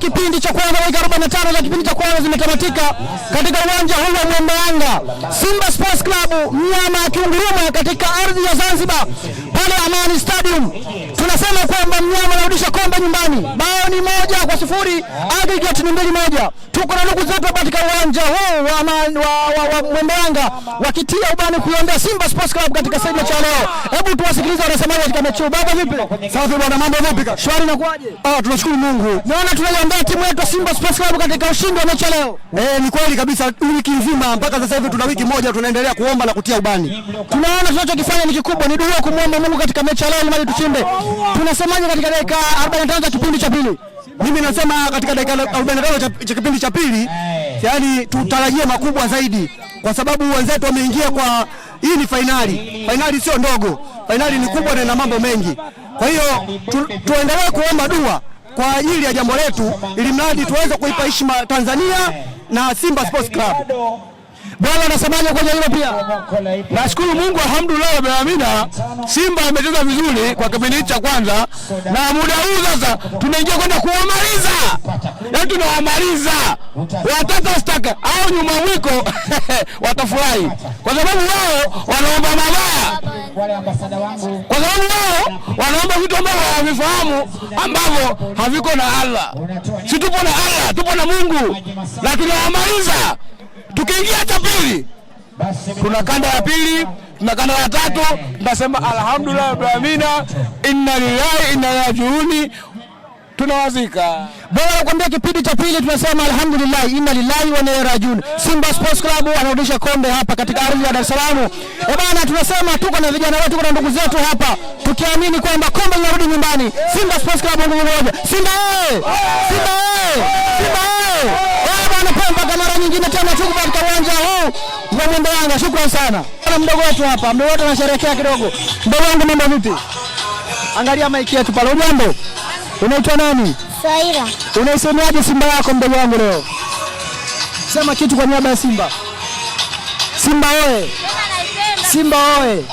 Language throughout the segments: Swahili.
kipindi cha kwanza, dakika 45 za kipindi cha kwanza zimetamatika katika uwanja huu wa Mwembeyanga. Simba Sports Club mnyama akiunguruma katika ardhi ya Zanzibar pale Amani Stadium tunasema kwamba mnyama anarudisha kombe nyumbani, bao ni moja kwa sifuri, aggregate ni mbili moja. Tuko na ndugu zetu katika uwanja huu wa wa, wa, Mwembeanga wakitia ubani kuiombea Simba Sports Club katika sehemu ya leo. Hebu tuwasikilize wanasemaje katika mechi hii. Baba vipi? Safi bwana, mambo vipi? Shwari inakuaje? Ah, tunashukuru Mungu. Naona tunaiombea timu yetu Simba Sports Club katika ushindi wa mechi leo. Eh, ni kweli kabisa, wiki nzima mpaka sasa hivi tuna wiki moja tunaendelea kuomba na kutia ubani. Tunaona tunachokifanya ni kikubwa, ni dua kumwomba Mungu katika mechi ya leo ili tushinde. Tunasemaje katika dakika 45 za kipindi cha pili? Mimi nasema katika dakika 45 cha kipindi cha pili, yani tutarajie makubwa zaidi kwa sababu wenzetu wameingia kwa hii ni fainali. Fainali sio ndogo, fainali ni kubwa na ina mambo mengi. Kwa hiyo tu, tuendelee kuomba dua kwa ajili ya jambo letu, ili mradi tuweze kuipa heshima Tanzania na Simba Sports Club. Bwana anasemaje kwenye hilo pia? Nashukuru Mungu, alhamdulillah bila Simba amecheza vizuri kwa kipindi cha kwanza, na muda huu sasa tunaingia kwenda kuwamaliza, yaani tunawamaliza wataka wasitaka, au nyuma mwiko watafurahi, kwa sababu wao wanaomba mabaya, kwa sababu wao wanaomba vitu ambavyo hawavifahamu, ambavyo haviko na Allah. Si tupo na Allah, tupo na Mungu na tunawamaliza. Tukiingia cha pili, tuna kanda ya pili, tuna kanda ya tatu, tunasema alhamdulillah rabbil alamin, inna lillahi inna ilaihi Tunawazika bora nakwambia, kipindi cha pili tunasema alhamdulillah inna lillahi wa inna ilaihi Simba Sports Club anarudisha kombe hapa katika ardhi ya Dar es Salaam. Eh bana, tunasema tuko na vijana wetu, tuko na ndugu zetu hapa, tukiamini kwamba kombe linarudi nyumbani. Simba Sports Club ndugu moja. Simba eh! Simba eh! Simba eh nyingine tena tu katika uwanja huu wa Mwembe Yanga. Shukrani sana mdogo wetu hapa, mdogo wetu anasherehekea kidogo. Mdogo wangu mambo vipi? Angalia maiki yetu pale. Ujambo, unaitwa nani? Saira. Unaisemeaje Simba yako mdogo wangu leo? Sema kitu kwa niaba ya Simba. Simba oye! Simba oye!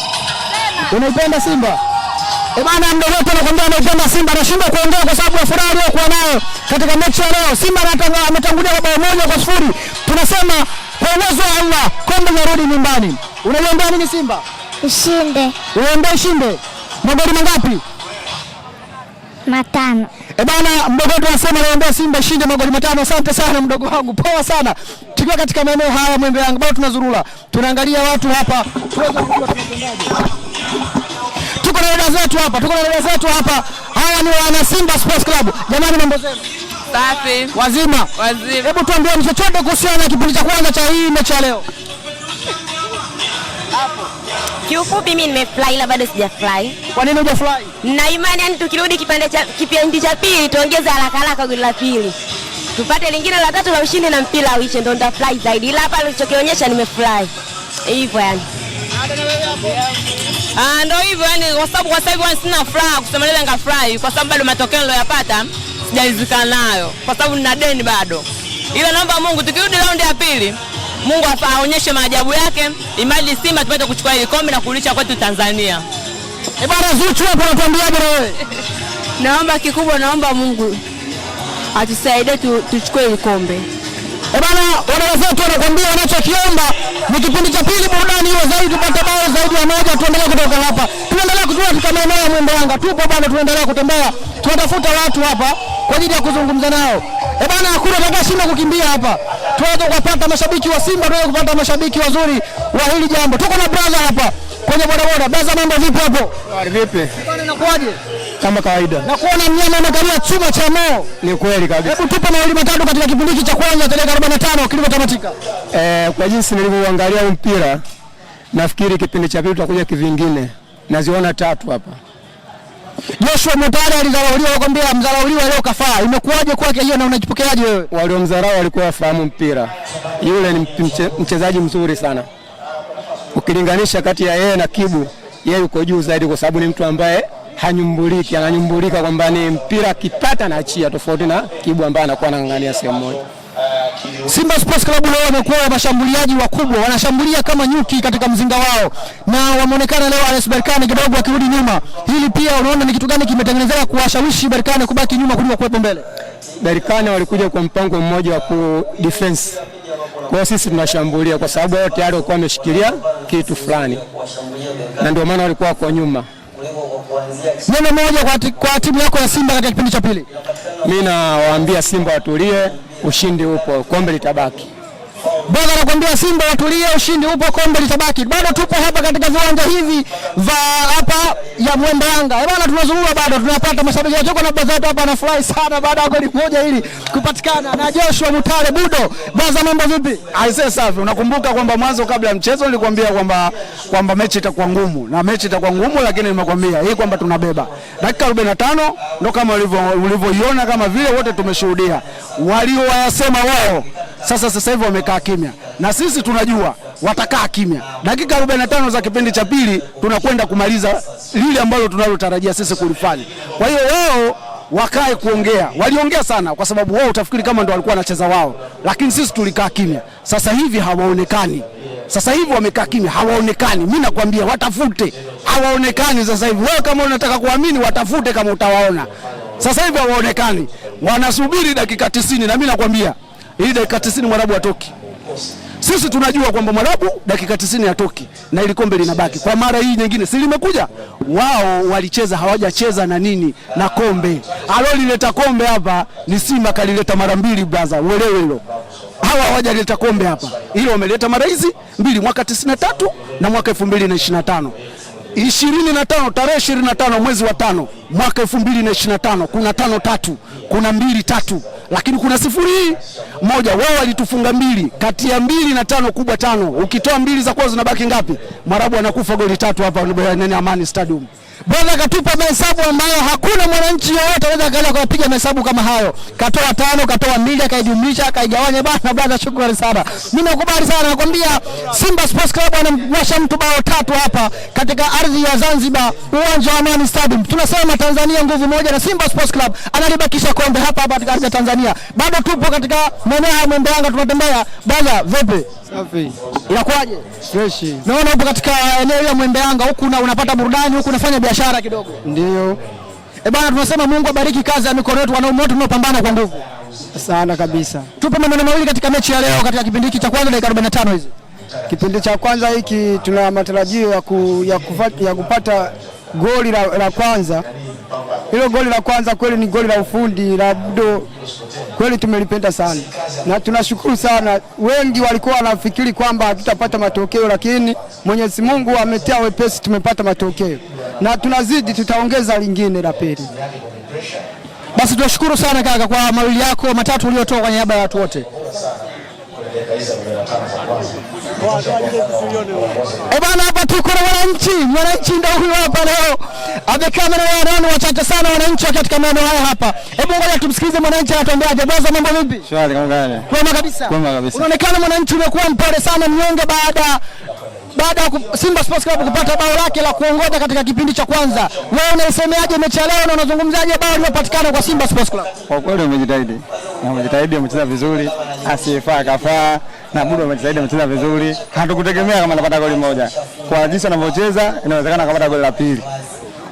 Unaipenda Simba? E bana, mdogo wetu anakwambia anaipenda Simba, anashindwa kuongea kwa sababu ya furaha aliyokuwa nayo katika mechi ya leo. Simba ametangulia kwa bao moja kwa sifuri unasema kwa uwezo wa Allah kombe narudi nyumbani. Unaliombea nini Simba? Ishinde. Uombe ishinde. Magoli mangapi? Matano. E bana, mdogo wetu anasema naombea Simba ishinde magoli matano. Asante sana mdogo wangu, poa sana. Tukiwa katika maeneo haya mwembe yangu bado tunazurura, tunaangalia watu hapa tuweza kujua tunatendaje. Tuko na dada zetu hapa, tuko na dada zetu hapa. Hawa ni wana Simba Sports Club. Jamani, mambo zenu Safi. Wazima. Wazima. Hebu tuambie chochote kuhusiana na kipindi cha kwanza cha hii mechi ya leo. Kiufupi mimi nimefly ila bado sijafly. Kwa nini hujafly? Na imani yani tukirudi kipande cha kipindi cha pili tuongeze haraka haraka goli la pili. Tupate lingine la tatu la ushindi na mpira uishe ndo nitafurahi zaidi. Ila hapa nilichokionyesha nimefly. Hivyo yani. Ah, ndo hivyo yani kwa sababu kwa sababu hivi sina furaha kusema leo ngafurahi kwa sababu bado matokeo niliyopata sijaizika nayo kwa sababu nina deni bado, ila naomba Mungu tukirudi raundi ya pili Mungu aonyeshe maajabu yake, imali Simba tupate kuchukua ile kombe na kurudisha kwetu Tanzania. E bwana Zuchu hapo anatuambia bwana wewe. Naomba kikubwa, naomba Mungu atusaidie tuchukue ile kombe ebana eh Bwana wanawezetu wanakuambia wanachokiomba ni kipindi cha pili, burudani iwe zaidi, upate bao zaidi ya moja, tuendelee kutoka hapa. Tunaendelea kutua katika maeneo ya Yanga. tupo bana, tunaendelea kutembea, tunatafuta watu hapa kwa ajili ya kuzungumza nao. Ebana, eh bwana, kaka atakayeshindwa kukimbia hapa. Tunaweza kupata mashabiki wa Simba, tunaweza kupata mashabiki wazuri wa hili jambo. Tuko na brother hapa kwenye bodaboda. Brother, mambo vipi hapo? Vipi? Inakuwaje? kama kawaida. Na kuona mnyama anagalia chuma cha moo. Ni kweli kabisa. Hebu tupe mawili matatu katika kipindi cha kwanza tarehe 45 kilivyotamatika. Eh, kwa jinsi nilivyoangalia huu mpira nafikiri kipindi cha pili tutakuja kivingine. Naziona tatu hapa. Joshua Mutale alidharauliwa, wakwambia mdharauliwa leo kafaa. Imekuwaje kwake hiyo na unajipokeaje wewe? Waliomdharau walikuwa wafahamu mpira. Yule ni mche, mchezaji mzuri sana. Ukilinganisha kati ya yeye na Kibu, yeye yuko juu zaidi kwa sababu ni mtu ambaye hanyumbuliki, ananyumbulika kwamba ni mpira kipata na achia, tofauti na Kibu ambaye anakuwa anang'ang'ania sehemu moja. Simba Sports Club leo wamekuwa washambuliaji wakubwa, wanashambulia kama nyuki katika mzinga wao, na wameonekana leo RS Berkane kidogo akirudi nyuma. Hili pia unaona ni kitu gani kimetengenezea kuwashawishi Berkane kubaki nyuma kuliko kuwepo mbele? Berkane walikuja kwa mpango mmoja wa ku defense kwa sisi tunashambulia, kwa sababu wao tayari walikuwa wameshikilia kitu fulani, na ndio maana walikuwa kwa nyuma. Neno moja kwa, kwa timu yako ya Simba katika kipindi cha pili. Mimi nawaambia Simba watulie, ushindi upo, kombe litabaki. Brother anakuambia Simba watulie, ushindi upo, kombe litabaki. Bado tupo hapa katika viwanja hivi vya hapa ya Mwembe Yanga. Eh, bwana tunazungua bado tunapata mashabiki wa Joko na brother wetu hapa anafurahi sana baada ya goli moja hili kupatikana. Na Joshua Mutale Budo, Baza mambo vipi? Aise safi. Unakumbuka kwamba mwanzo kabla ya mchezo nilikwambia kwamba kwamba mechi itakuwa ngumu na mechi itakuwa ngumu, lakini nimekwambia hii kwamba tunabeba. Dakika 45 ndo kama ulivyoiona kama vile wote tumeshuhudia. Walioyasema wao. Sasa sasa hivi wamekaa kimya, na sisi tunajua watakaa kimya. Dakika 45 za kipindi cha pili tunakwenda kumaliza lile ambalo tunalotarajia sisi kulifanya. Kwa hiyo wao wakae kuongea, waliongea sana, kwa sababu wao utafikiri kama ndo walikuwa wanacheza wao, lakini sisi tulikaa kimya. Sasa hivi hawaonekani, sasa hivi wamekaa kimya, hawaonekani. Mimi nakwambia watafute, hawaonekani sasa hivi. Wewe kama unataka kuamini, watafute kama utawaona. Sasa hivi hawaonekani, wanasubiri dakika tisini na mimi nakwambia hii dakika tisini mwarabu atoki. Sisi tunajua kwamba Mwarabu dakika tisini atoki na ili kombe linabaki kwa mara hii nyingine, si limekuja. Wao walicheza hawajacheza na nini na kombe. Alolileta kombe hapa ni Simba, kalileta mara mbili brother, uelewe hilo. Hawa hawajaleta kombe hapa, ilo wameleta mara hizi mbili, mwaka 93 na mwaka 2025 ishirini na tano tarehe ishirini na tano mwezi wa tano mwaka elfu mbili na ishirini na tano kuna tano tatu kuna mbili tatu lakini kuna sifuri hii moja. Wao walitufunga mbili, kati ya mbili na tano kubwa tano, ukitoa mbili za kwanza zinabaki ngapi? Mwarabu anakufa goli tatu hapa nani Amani Stadium. Bwana katupa mahesabu ambayo hakuna mwananchi yoyote anaweza kaenda kupiga mahesabu kama hayo. Katoa tano, katoa mbili, akaijumlisha, akaigawanya. Bwana bwana, shukrani sana. Mimi nakubali sana, nakwambia Simba Sports Club anamwasha mtu bao tatu hapa katika ardhi ya Zanzibar, uwanja wa Amani Stadium. Tunasema Tanzania nguvu moja, na Simba Sports Club analibakisha kombe hapa hapa katika ardhi ya Tanzania. Bado tupo katika maeneo ya Mwembe Yanga, tunatembea. Bwana vipi? Safi. Inakuwaje? Fresh. Naona upo katika eneo la Mwembe Yanga huku na unapata burudani huku unafanya biashara kidogo. Ndio. Eh, bwana tunasema Mungu abariki kazi ya mikono yetu wanaume wote tunaopambana kwa nguvu. Sana kabisa. Tupe maneno mawili katika mechi ya leo katika kipindi hiki cha kwanza dakika 45 hizi. Kipindi cha kwanza hiki tuna matarajio ya, ku, ya, ya kupata goli la, la kwanza. Hilo goli la kwanza kweli ni goli la ufundi la Abdo, kweli tumelipenda sana na tunashukuru sana. Wengi walikuwa wanafikiri kwamba hatutapata matokeo, lakini Mwenyezi Mungu ametia wepesi, tumepata matokeo na tunazidi, tutaongeza lingine la pili. Basi tunashukuru sana kaka kwa mawili yako matatu uliotoa kwa niaba ya watu wote. E bana, hapa tuko na wananchi. Mwananchi ndio huyu hapa leo, amekaa ya nani? wachache sana wananchi wa katika maeneo haya hapa. Hebu ngoja tumsikilize mwananchi anatuambiaje. Baza, mambo vipi? Shwari kama gani? Kwema kabisa. Kwema kabisa. Unaonekana mwananchi umekuwa mpole sana mnyonge baada baada ya Simba Sports Club kupata bao lake la kuongoza katika kipindi cha kwanza. Wewe unaisemeaje mechi leo na unazungumzaje bao lililopatikana kwa Simba Sports Club? Kwa kweli wamejitahidi, umejitahidi, umecheza vizuri, asiyefaa kafaa na muda umejitahidi, umecheza vizuri. Hatukutegemea kama anapata goli moja, kwa jinsi anavyocheza inawezekana akapata goli la pili.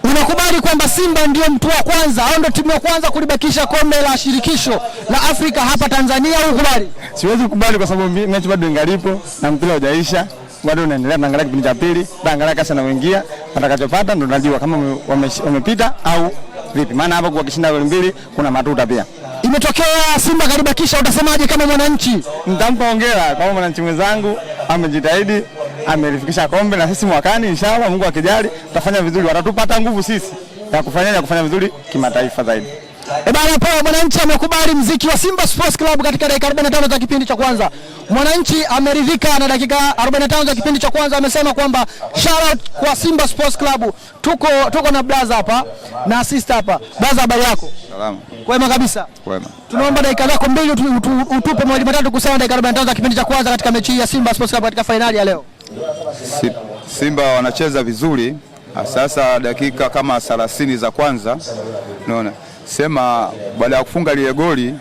Unakubali kwamba Simba ndio mtu wa kwanza au ndio timu ya kwanza kulibakisha kombe la shirikisho la Afrika hapa Tanzania? Unakubali? Siwezi kukubali kwa sababu mechi bado ingalipo na mpira hujaisha bado unaendelea naangalia kipindi cha pili, naangalia kasi anayoingia, atakachopata ndo najua kama wamepita au vipi, maana hapa kwa kishinda goli mbili kuna matuta pia imetokea Simba kisha, utasemaje kama mwananchi? Nitampa hongera kama mwananchi mwenzangu, amejitahidi amelifikisha kombe, na sisi mwakani inshallah, Mungu akijali, tutafanya vizuri, watatupata nguvu sisi ya kufanya ya kufanya vizuri kimataifa zaidi. E eh, bana poa, mwananchi amekubali mziki wa Simba Sports Club katika dakika 45 za kipindi cha kwanza. Mwananchi ameridhika na dakika 45 za kipindi cha kwanza, amesema kwamba shout out kwa Simba Sports Club. Tuko tuko na blaza hapa na assist hapa. Blaza, habari yako? Salama. Kwema kabisa. Kwema. Tunaomba dakika zako mbili utupe mwalimu matatu kusema dakika 45 za kipindi cha kwanza katika mechi ya Simba Sports Club katika fainali ya leo. Simba wanacheza vizuri sasa dakika kama thelathini za kwanza unaona sema, baada ya kufunga lile goli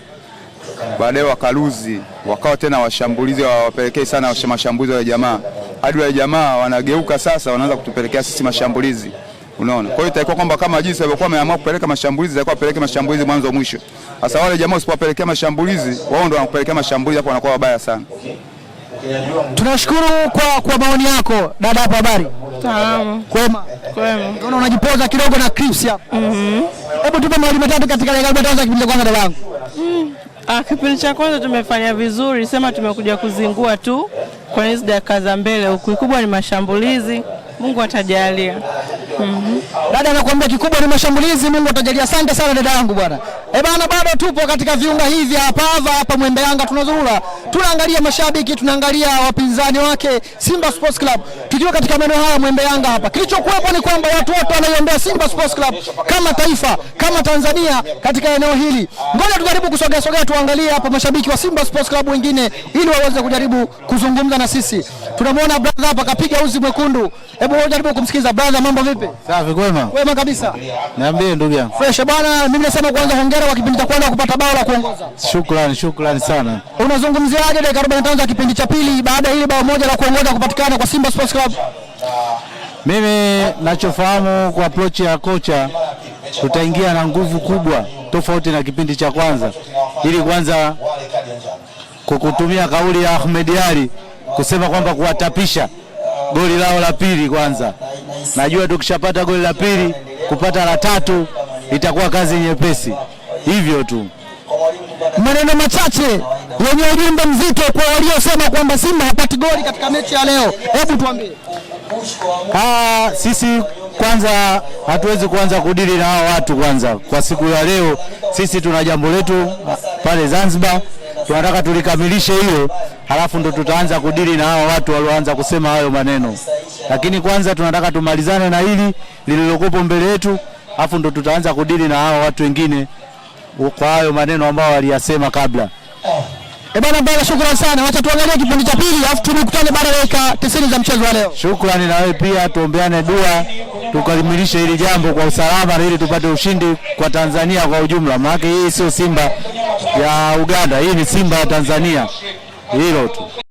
baadaye wakaluzi wakawa tena washambulizi wawapelekei sana mashambulizi wale jamaa, hadi wale jamaa wanageuka sasa, wanaanza kutupelekea sisi mashambulizi, unaona. Kwa hiyo itakuwa kwamba kama jinsi walivyokuwa wameamua kupeleka mashambulizi, itakuwa wapeleke mashambulizi mwanzo mwisho. Sasa wale jamaa usipowapelekea mashambulizi, wao ndio wanakupelekea mashambulizi, hapo wanakuwa wabaya sana. Tunashukuru kwa kwa maoni yako dada, hapa. habari salama, kwema kwema. unajipoza kidogo na clips hapo. Mhm. Hebu tupe maoni matatu katika dakika 45 kipindi cha kwanza dada yangu. Mm. Ah, kipindi cha kwanza tumefanya vizuri, sema tumekuja kuzingua tu kwa hizi dakika za mbele huku, kubwa ni mashambulizi. Mungu atajalia. -hmm. Dada anakuambia kikubwa ni mashambulizi, Mungu atajalia. Asante sana dada yangu bwana. Eh bana, bado tupo katika viunga hivi hapa hapa hapa Mwembe Yanga tunazurura, tunaangalia mashabiki, tunaangalia wapinzani wake Simba Sports Club. Tukijua katika maneno haya mwembe Yanga hapa, kilichokuwepo ni kwamba watu wote wanaiombea Simba Sports Club kama taifa, kama Tanzania katika eneo hili. Ngoja tujaribu kusogea sogea, tuangalie hapa mashabiki wa Simba Sports Club wengine, ili waweze kujaribu kuzungumza na sisi. Tunamwona brother hapa kapiga uzi mwekundu, hebu jaribu kumsikiliza brother. Mambo vipi? Safi, kwema, kwema kabisa. Niambie ndugu yangu. Fresh bwana, mimi nasema kwanza hongera kwa kipindi cha kwanza kupata bao la kuongoza. Shukrani, shukrani sana unazungumziaje dakika 45 za kipindi cha pili baada ya ile bao moja la kuongoza kupatikana kwa Simba Sports Club? Mimi nachofahamu kwa approach ya kocha, tutaingia na nguvu kubwa tofauti na kipindi cha kwanza, ili kwanza kukutumia kauli ya Ahmed Ali kusema kwamba kuwatapisha goli lao la pili. Kwanza najua tukishapata goli la pili, kupata la tatu itakuwa kazi nyepesi, hivyo tu, maneno machache wenye ujumbe mzito kwa waliosema kwamba Simba hapati goli katika mechi ya leo, hebu tuambie. Ah, sisi kwanza hatuwezi kuanza kudili na hao watu kwanza. Kwa siku ya leo sisi tuna jambo letu pale Zanzibar, tunataka tulikamilishe hilo, halafu ndo tutaanza kudili na hao watu walioanza kusema hayo maneno. Lakini kwanza tunataka tumalizane na hili lililokupo mbele yetu, halafu ndo tutaanza kudili na hao watu wengine kwa hayo maneno ambao waliyasema kabla. E bana Mbele, shukrani sana. Wacha tuangalie kipindi cha pili afu tukutane baada ya dakika tisini za mchezo wa leo. Shukrani na wewe pia, tuombeane dua tukalimishe hili jambo kwa usalama ili tupate ushindi kwa Tanzania kwa ujumla. Maana hii sio Simba ya Uganda, hii ni Simba ya Tanzania. Hilo tu.